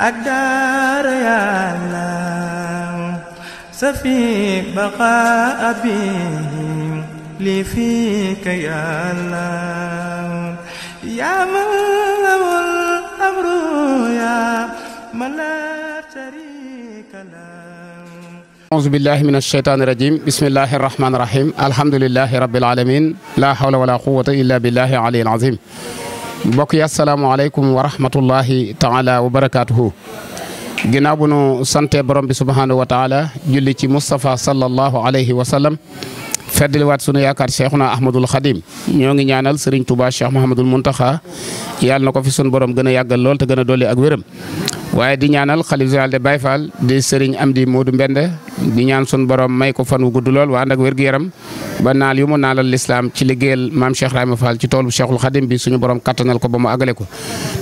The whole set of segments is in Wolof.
أقدار يا الله سفي بقاء بهم لي فيك يا الله يا من له الأمر يا من لا شريك له أعوذ بالله من الشيطان الرجيم بسم الله الرحمن الرحيم الحمد لله رب العالمين لا حول ولا قوة إلا بالله العلي العظيم mbokk yi asalaamaaleykum wa rahmatullahi taala wa barakaatuhu. ginnaaw bu nu sante borom bi subhaanahu wa taala julli ci Moustapha sallallahu alayhi wa sallam. feddliwaat sunu yaakaar cheikhuna ahmadul xadim ñoo ngi ñaanal sëriñ Touba cheikh Mouhamadul Muntaxa yàlla na ko fi sunu borom gën a yàggal lool te gën a dolli ak wéram waaye di ñaanal xalif général de Baye Fall di sëriñ Amdi Modou Mbende di ñaan sun borom may ko fan wu gudd lool waa ànd ak wér-gu-yaram ba naal yu mu naalal lislaam ci liggéeyal maam Cheikh Rahima Fall ci toolu Cheikhul Khadim bi suñu borom kattanal ko ba mu àggale ko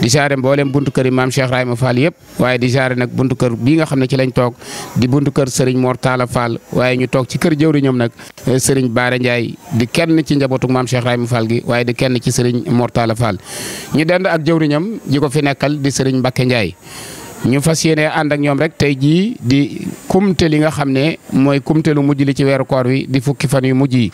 di jaare mboolem buntu kër yi maam Cheikh Rahima Fall yëpp waaye di jaare nag buntu kër bii nga xam ne ci lañ toog di buntu kër Serigne Mor Talla Fall waaye ñu toog ci kër jëwriñam nag eh, Serigne baare Ndiaye di kenn ci njabootu maam Cheikh Rahima Fall gi waaye di kenn ci Serigne Mor Talla Fall ñu dend ak jëwriñam ji ko fi nekkal di Serigne Mbacke Ndiaye ñu fa yéene ànd ak ñoom rek tey jii di kumte li nga xam ne mooy kumte lu mujj li ci weeru koor wi di fukki fan yu mujj yi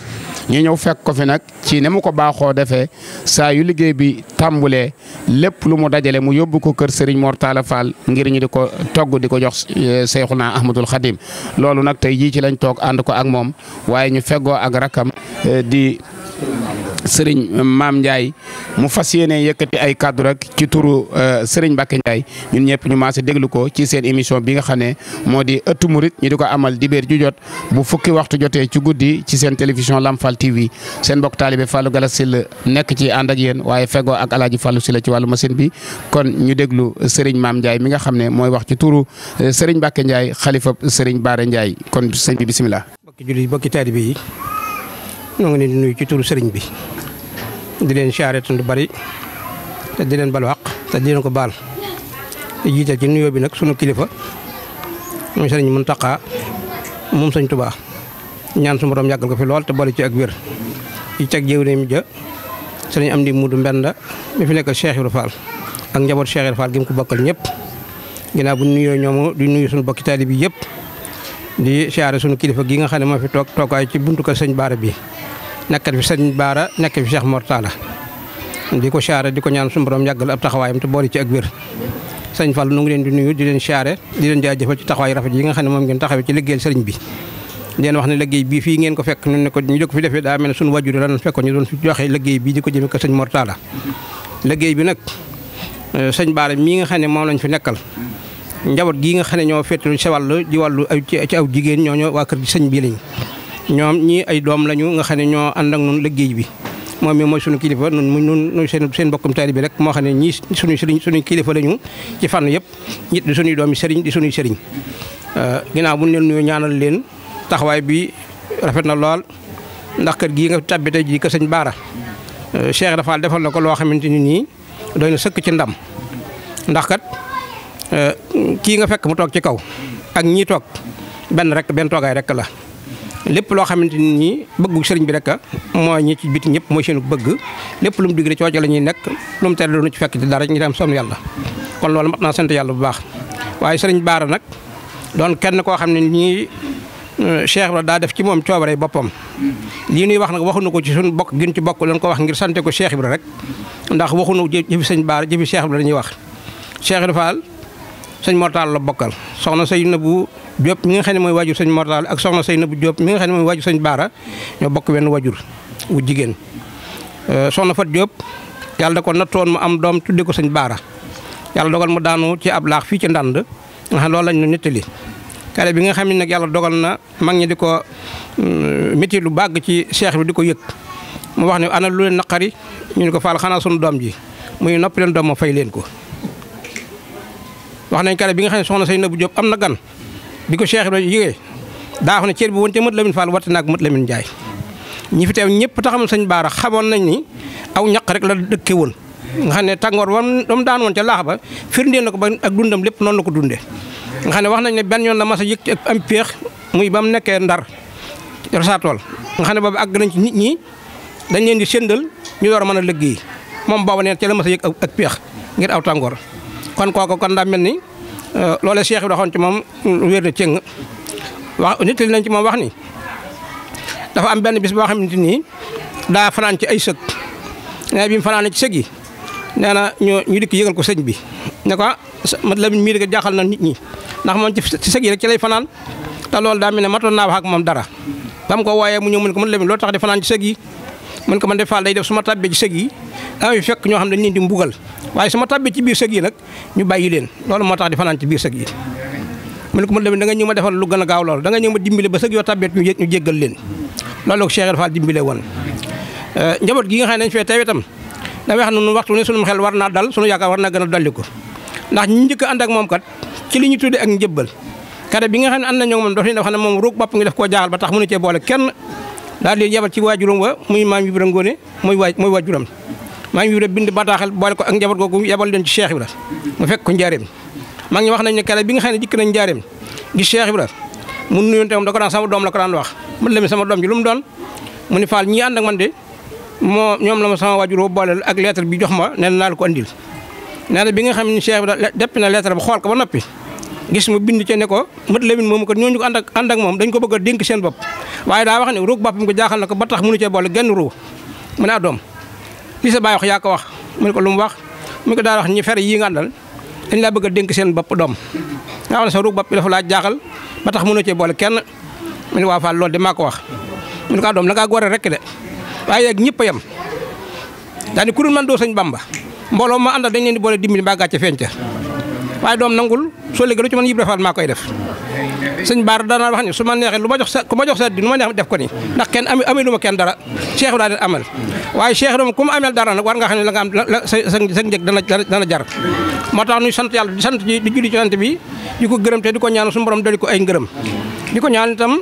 ñu ñëw fekk ko fi nag ci ne mu ko baaxoo defee saa yu liggéey bi tàmbulee lépp lu mu dajale mu yóbbu ko kër Serigne Mor Talla Fall ngir ñu di ko togg di ko jox eh, Seyxuna Ahmadul Xadim loolu nag tey jii ci lañ toog ànd ko ak moom waaye ñu feggoo ak rakam eh, di. sëriñ euh, maam Ndiaye mu fas yéene yëkkati ay kaddu rek ci turu euh, sëriñ Mbacke Ndiaye ñun ñëpp ñu maase déglu ko ci seen émission bi nga xam ne moo di ëttu ñu di ko amal dibéer ju jot bu fukki waxtu jotee ci guddi ci seen télévision Lamfal TV seen mbokk taalibe Fallou Galass nekk ci ànd ak waaye fegoo ak alaaji Fallou Syll ci wàllu machine bi kon ñu déglu sëriñ maam Ndiaye mi nga xam ne mooy wax ci turu euh, sëriñ Mbacke Ndiaye xalifa sëriñ Baare Ndiaye kon sëñ bi bisimilah. mbokki ñoo ngi leen di nuyu ci turu sëriñ bi di leen siyaare lu bari te di leen balu àq te di leen ko baal di jiital ci nuyoo bi nag sunu kilifa muy sëriñ Muntaxa moom sëñ Tuubaa ñaan su borom yàggal ko fi lool te boole ci ak wér ci cag jëw mu ja sëriñ Amdi Mudu Mbenda mi fi nekk Cheikh Ibra ak njaboot Cheikh Ibra Fall gi ko bokkal ñëpp ginnaaw bu nuyoo ñoom di nuyu sunu bokki taalibe bi yëpp di siyaare sunu kilifa gi nga xam ne moo fi toog toogaay ci buntu kër sëñ Baara bi nekkal fi sëñ Baara nekk fi Cheikh la di ko siyaare di ko ñaan suñu borom yàggal ab taxawaayam te boori ci ak wér sëñ Fall nu ngi leen di nuyu di leen siyaare di leen jaajëfal ci taxawaay rafet yi nga xam ne moom ngeen taxawee ci liggéeyal sëriñ bi leen wax fii ngeen ko fekk ñu ne ko ñu ko fi defee daa mel ne suñu wajur lan fekkoon ñu doon fi joxe liggéey bii di ko jëme ko sëñ Mortala liggéey bi nag eh, sëñ Baara mii nga xam ne moom lañ fi nekkal njaboot gii nga xam ne ñoo féetlu ci wàllu di wàllu ay ci aw jigéen ñooñu waa kër gi sëñ bi lañ ñoom ñii ay doom lañu nga xam ne ñoo ànd ak nun liggéey bi moom mi mooy sunu kilifa nun mu seen seen bokkum taali bi rek moo xam ne ñii suñu sëriñ suñu kilifa lañu ci fànn yëpp ñit di suñuy doomi sëriñ di suñuy sëriñ euh, ginnaaw bu ñu leen ñaanal leen taxawaay bi rafet na lool ndax kër gii nga tàbbi tey jii ko sëñ Baara euh, Cheikh Rafal defal na ko loo xamante ni nii doy na sëkk ci ndam ndax euh, kii nga fekk mu toog ci kaw ak ñii toog benn rek benn toogaay rek la lépp loo xamante ni bëggu sëriñ bi rek mooy ñii ci biti ñëpp mooy seenu bëgg lépp lu mu digre cooco la ñuy nekk lu mu tere ci fekk ci dara ñu dem sonn yàlla kon loolu mat naa sant yàlla bu baax waaye sëriñ Baara nag doon kenn koo xam ne nii euh, Cheikh la daa def ci moom coobare boppam lii nuy wax nag waxuñu ko ci suñu bokk gën ci bokk leen ko wax ngir sante ko Cheikh Ibra rek ndax waxuñu jëfi sëñ Baara jëfi seex Ibra la ñuy wax Cheikh Ibra Fall sëñ Mortaal la bokkal soxna Seynabou Diop mi nga xam ne mooy waajur sëñ Mortaal ak soxna Seynabou Diop mi nga xam ne mooy waajur sañ Baara ñoo bokk wenn waajur wu jigéen euh, soxna Fat Diop yàlla da ko nattoon mu am doom tudde ko sëñ Baara yàlla dogal mu daanu ci ab laax fii ci ndànd nga xam loolu lañ ñu nettali kale bi nga xam ne nag yàlla dogal na mag ñi di ko euh, métti lu bàgg ci seex bi di ko yëg mu wax ne ana lu leen naqari ñu ne ko faal xanaa sunu doom ji muy noppi leen doom ma fay leen ko wax nañ kare bi nga xam ne soxna Seynabou Diop am na gan bi ko Cheikh Ibrahima yëgee daa wax ne cër bi woon ca Mat Lamine Fall warte naag Mat Lamine Ndiaye ñi fi teew ñëpp taxam sañ Baara xamoon nañ ni aw ñaq rek la dëkke woon nga xam ne tàngoor wam daan woon ca laax ba firndee na ko ba ak dundam lépp noonu la ko dunde nga xam ne wax nañ ne benn yoon la mas a yëg ci am péex muy ba mu nekkee ndar rasaatool nga xam ne boobu àgg nañ ci nit ñi dañ leen di séndal ñu door a mën a liggéey moom boobu neen ca la mas a yëg ak péex ngir aw tàngoor kon kooku kon daa mel ni Euh, loolee cheikh bi waxoon ci moom wér na cëng wax nit li nañ ci moom wax ni dafa am benn bis boo xamante ni daa fanaan ci ay sëg nee bi mu fanaan ci yi nee na ñu ñu dikk ko sëñ bi ne ko mat la mii di jaaxal na nit ñi ndax moom ci sëg yi rek fanaan te loolu daa mel matoon naa wax ak moom dara dam ko waaye mu ñëw mu ko man la loolu tax di fanaan ci sëg yi mën ko man de Fall day def su ma tàbbee ci sëg yi dama fi fekk ñoo xam ne dañ leen di mbugal waaye su ma tàbbee ci biir sëg yi nag ñu bàyyi leen loolu moo tax di fanaan ci biir sëg yi mu ne ko man da nga ñëw ma defal lu gën a gaaw loolu da nga ñëw ma dimbale ba sëg yoo tàbbee ñu ñu jéggal leen loolu ko Cheikh Fall dimbale woon euh, njaboot gi nga xam ne dañ fee teew itam damay wax ne nu waxtu ne sunu xel war naa dal sunu yaakaar war naa gën a dolli ko ndax ñu njëkk ànd ak moom kat ci li ñu tuddee ak njëbbal kare bi nga xam ne ànd na ñoo moom daf leen def xam ne moom ruug bopp ngi def koo jaaxal ba tax mënu cee boole kenn daal leen yebal ci waajuram wa muy maam Ibra Ngoone mooy waajuram maa ngi Ibra bind bataaxal boole ko ak njaboot googu yebal leen ci Cheikh Ibra mu fekk ko maa ngi wax nañ ne kala bi nga xam ne jikk nañ njaareem gi Cheikh Ibra mu nuyoon te moom da ko daan sama doom la ko daan wax mu sama doom ji lu mu doon mu ni Fall man de moo ñoom la ma sama waajur woo ak lettre bi jox ma nee naa la ko andil nee na bi nga xam ne Cheikh Ibra depp na lettre ba xool ko ba noppi gis mu bind ca ne ko mët lemin moomu ko ñooñu ko ànd ak ànd ak moom dañ ko bëgg a dénk seen bopp waaye daa wax ne ruug boppam ko jaaxal na ko ba tax mënu cee boole genn ruu mu ne ah doom li sa baay wax yaa ko wax mu ne ko lu mu wax mu ne ko daal wax ñi fere yii nga àndal dañ laa bëgg a dénk seen bopp doom nga xam ne sa ruug bopp bi dafa laa jaaxal ba tax mënoo cee boole kenn mu ne waa Fall loolu de maa ko wax mu ne ko ah doom la ngaa gore rek de waaye yeeg ñëpp a yem daa ni man doo sëñ Bamba mbooloo ma àndal dañ leen di boole dimbali mbaa gàcce feeñ ca waaye doom nangul soo léegi lu ci mën Ibra Fall maa koy def sëñ Baar daanaa wax ni su ma neexee lu ma jox sa ku ma jox sa di lu ma neex def ko ni ndax kenn am amee lu ma kenn dara cheikh daa leen amal waaye cheikh dom ku mu dara nag war nga xam ne la nga am sa sa dana dana jar moo tax ñuy sant yàlla di sant di julli bi di ko gërëm te ko ñaan suñu borom dali ngërëm di ko ñaan itam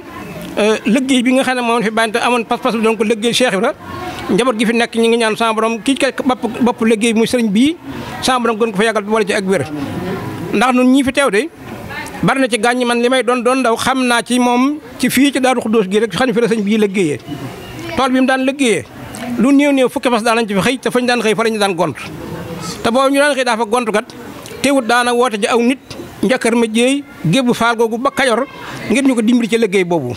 euh, liggéey bi nga xam ne moom fi bàyyi te amoon pas-pas bi doon ko liggéey cheikh Ibra njaboot gi fi nekk ñu ngi ñaan sama borom kii bopp bopp liggéey bi muy sëriñ bii sama gën ko fa yàggal wala ci ak wér ndax nun ñii fi teew de bari na ci gàññi man li may doon doon ndaw xam naa ci moom ci fii ci Daaru Xuddoos gi rek xam ne fi la sëñ bii liggéeyee tool bi mu daan liggéeyee lu néew néew fukki fas daan lañ ci fi xëy te ñu daan xëy fa lañu daan gont te boobu ñu daan xëy daa fa gont kat teewut daana woote ji aw nit njakkar ma jéey gébbu faal googu ba Kajoor ngir ñu ko dimbali ci liggéey boobu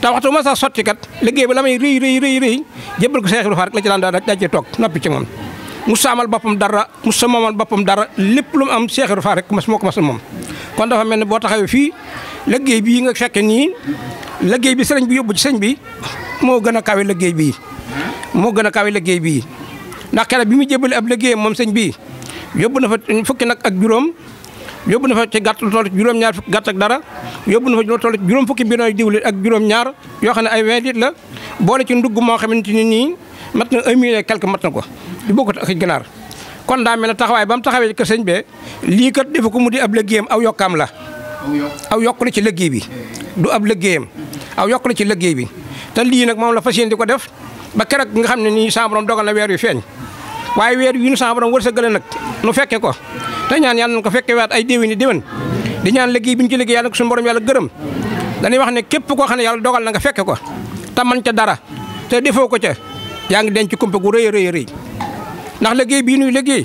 te waxtu ma sa sotti kat liggéey bi la may rëy rëy rëy rëy jébbal ko Seex toog noppi ci moom musa amal boppam dara musa moomal boppam dara lépp lu am Cheikh Ibra Fall moo ko mas moom kon dafa mel ne boo taxawee fii liggéey bii nga fekke nii liggéey bi sëriñ bi yóbbu ci sëñ bi moo gën a kawe liggéey bii moo gën a kawe liggéey bii ndax keroog bi mu jébale ab liggéeyam moom sëñ bii yóbbu na fa fukki nag ak juróom yóbbu na fa ci gàtt lu toll ci juróom ñaar fukki gàtt ak dara yóbbu na fa lu toll ci juróom fukki bidon diwlin ak juróom ñaar yoo xam ne ay 20 la boole ci ndugg moo xamante ni nii mat na un million quelque mat na ko lu bokkut ak ginaar kon daa mel ne taxawaay ba mu taxawee kër sëñ bee lii kat defu ko mu di ab liggéeyam aw yokkaam la aw yokk ci liggéey bi du ab liggéeyam aw yokk la ci liggéey bi te lii nag moom la fas yéene di ko def ba keroog nga xam ne nii sa borom dogal na weer yu feeñ waaye weer yu ñu sa borom wërsëgale nag nu fekke ko te ñaan yàlla nañ ko fekke waat ay déwén ni déwén di ñaan liggéey bi ñu ci liggéey yàlla nag suñu borom yàlla gërëm dañuy wax ne képp koo xam ne yàlla dogal na nga fekke ko te man ca dara te defoo ko ca yaa ngi denc kumpe gu rëy a rëy ndax liggéey bii nuy liggéey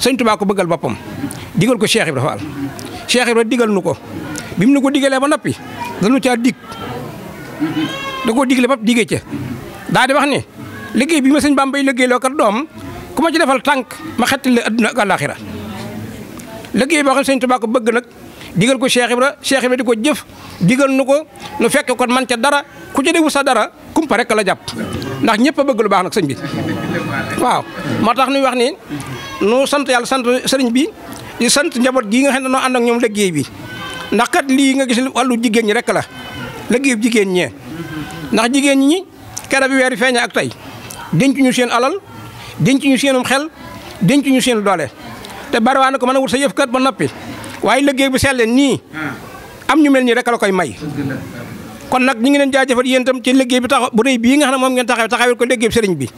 sëñ Tuubaa bëggal boppam digal ko Cheikh Ibra Fall Cheikh Ibra digal nu ko bi mu nu ko digalee ba noppi dañu caa dig da koo digle ba digee ca daa di wax ne liggéey bi ma sëñ Bàmbay liggéey loo kat doom ku ma ci defal tànk ma la adduna ak àllaaxira liggéey boo xam bëgg nag digal ko Cheikh Ibra Cheikh Ibra di ko jëf digal nu ko nu fekk kon man ca dara ku ca defu sa dara kumpa rek la jàpp ndax ñëpp a bëgg lu baax nag sëñ bi waaw moo tax ñuy wax ni nu sant yàll sant sëriñ bi di sant njaboot gii nga xam ne noo ànd ak ñoom liggéey bi ndax kat lii nga gis wàllu jigéen ñi rek la liggéey jigéen ñee ndax jigéen ñi kera bi yi feeña ak tey denc ñu seen alal denc ñu seenum xel denc ñu seen doole te barwaa na ko mën a wut sa yëf kat ba noppi waaye liggéey bu sellee nii am ñu mel nii rek la koy may kon nag ñu ngi leen jaajëfal yéen itam ci liggéey bi taxaw bu rëy bii nga xam ne moom ngeen taxawee taxawee ko liggéey sëriñ bi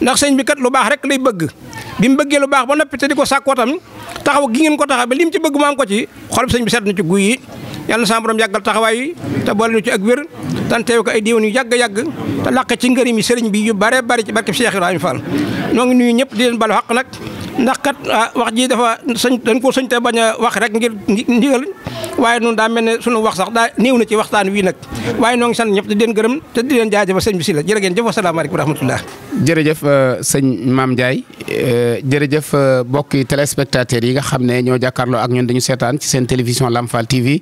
ndax sëriñ bi kat lu baax rek lay bëgg bi mu bëggee lu baax ba noppi te di ko sàkkoo tam taxaw gi ngeen ko taxaw ba li mu ci bëgg mu am ko ci xol sëriñ bi set na ci guy yi yàlla na yàggal taxawaay yi te boole ñu ci ak wér dan teew ko ay diiwaan yu yàgg-yàgg te làq ci ngërëm yi sëriñ bi yu bare bari ci barkeb Cheikh Ibrahima Fall noo ngi nuyu ñëpp di leen balu xaq nag ndax kat ah, wax ji dafa sëñ dañ ko sëñ te bañ a wax rek ngir ndigal waaye noonu daa mel ne sunu wax sax daa néew na ci waxtaan wi nag waaye noo ngi sant ñëpp di leen gërëm te di leen jaajëfal sëñ bi si la jërë ngeen jëf wasalaamaaleykum wa rahmatullah jërëjëf euh, sëñ Maam Ndiaye euh, jërëjëf euh, mbokki téléspectateurs yi nga xam ne ñoo jàkkaarloo ak ñun dañu seetaan ci seen télévision Lamp Fall TV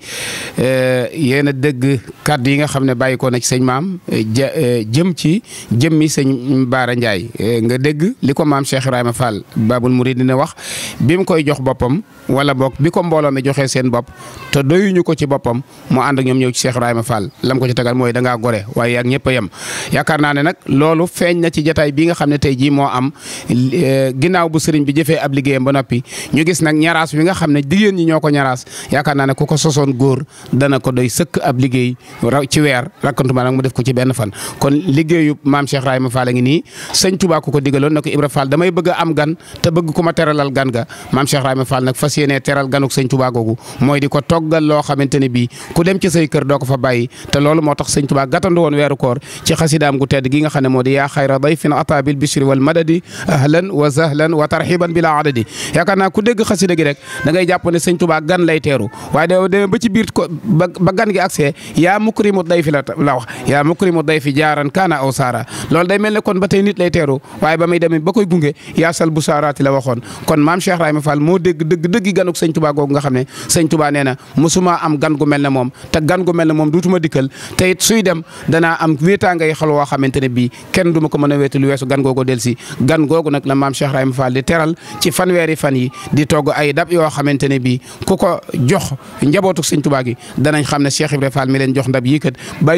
yéen a yi nga xam ne bàyyi bàyyi ko ci sëñ maam eh, eh, jëm ci jëm jëmmi sëñ Baara Ndiaye eh, nga dégg li ko maam Cheikh ma Fall Babul mu Mouridina wax bi mu koy jox boppam wala bokk bi ko mbooloo mi joxee seen bopp te doyuñu ko ci boppam mu ànd ak ñoom ñëw ci Cheikh ma Fall lam ko ci tegal mooy da ngaa gore waaye ak ñëpp a yem yaakaar naa ne nag loolu feeñ na ci jataay bi nga xam ne tey jii moo am ginnaaw bu sëriñ bi jëfee ab liggéeyam ba noppi ñu gis nag ñaraas wi nga xam ne jigéen ñi ñoo ko ñaraas yaakaar naa ne ku ko sosoon góor dana ko doy sëkk ab liggéey ci weer rakkantuma nag mu def ko ci benn fan kon liggéeyu maam Cheikh Rahima Fall a ngi nii sëñ Touba ko ko digaloon na ko Ibra Fall damay bëgg a am gan te bëgg ku ma teralal gan ga maam Cheikh Rahima Fall nag fas yéenee mooy di ko toggal loo xamante ne bii ku dem ci kër doo ko fa bàyyi te loolu moo tax sëñ Touba gàttandu woon weeru koor ci xasidaam gu tedd gi nga xam ne moo di yaa xayra dayfin ata bil bishri wal madadi ahlan wa sahlan wa tarxiban bila adadi yaakaar da ngay jàpp ne sëñ Touba gan lay teeru da demee ba la wax yaa mukrimu dayfi jaaran kaana aw saara loolu day mel ne kon ba tey nit lay teeru waaye ba muy demee ba koy gunge yaasal bu saaraati la waxoon kon maam Cheikh Rahima Fall moo dégg dëgg dëgg ganuk sëñ Touba googu nga xam ne sëñ Touba nee na mosuma gan gu mel ne moom te gan gu mel ne moom duutuma dikkal te it suy dem danaa am wéetaanga yi xol woo xamante ne bii kenn du ko mën a wéetu lu weesu gan googu del si gan googu nag la maam Cheikh Rahima Fall di teral ci fanweeri fan yi di togg ay dab yoo xamante ne bii ku ko jox njabootu sëñ Touba gi danañ xam ne Cheikh Ibrahima Fall mi leen jox ndab yi kat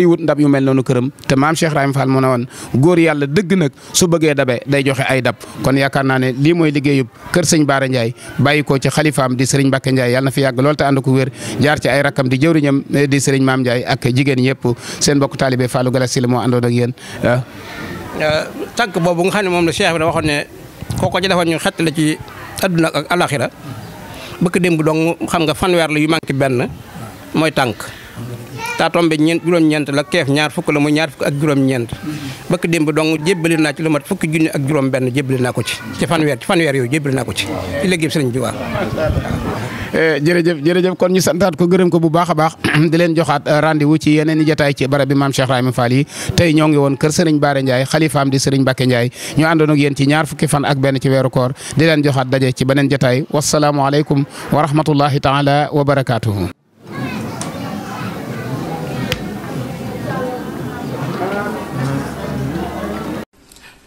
kuy wut ndab yu mel noonu këram te maam Cheikh Rahim Fall mu ne woon góor yàlla dëgg nag su bëggee dabe day joxe ay dab kon yaakaar naa ne lii mooy liggéeyub kër sëñ Baara Ndiaye bàyyi ko ci xalifaam di sëriñ Mbacke Ndiaye yàlla na fi yàgg lool te ànd ko wér jaar ci ay rakkam di jëwriñam eh, di sëriñ Maam Ndiaye ak jigéen ñëpp seen mbokk taalibe Fallou Galassi la moo àndoon ak yéen ah. euh, tànk boobu nga xam ne moom la Cheikh bi da waxoon ne kooko ci defoon ñu xett la ci adduna ak alaxira bëkk démb dong xam nga fanweer la yu manqué benn mooy tànk taa be ñeent juróom-ñeent la keef ñaar fukk la mu ñaar fukk ak juróom-ñeent bëkk demb dong jébbali naa ci lu mat fukki junni ak juróom benn jébbali naa ko ci ci fanweer ci fanweer yooyu jébbali naa ko ci ci léegi sëriñ bi waaw eh, jërëjëf jërëjëf kon ñu santaat ko gërëm ko bu baax a baax di leen joxaat eh, rendez-vous ci yeneen i jotaay ci barab bi maam Cheikh Rahima Fall yi ñoo ngi woon kër sëriñ Baara Ndiaye xalifaam di sëriñ Mbacke Ndiaye ñu àndoon ak yéen ci ñaar fukki fan ak benn ci weeru koor di leen joxaat daje ci beneen jotaay wasalaamu aleykum wa rahmatullahi taala wa barakaatuhu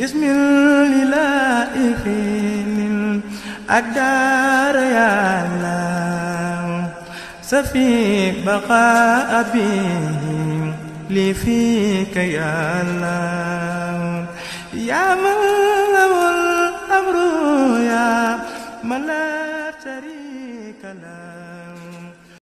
bismillahi finin الدار يا الله سفي بقاء به لي فيك يا الله يا من له الأمر يا من له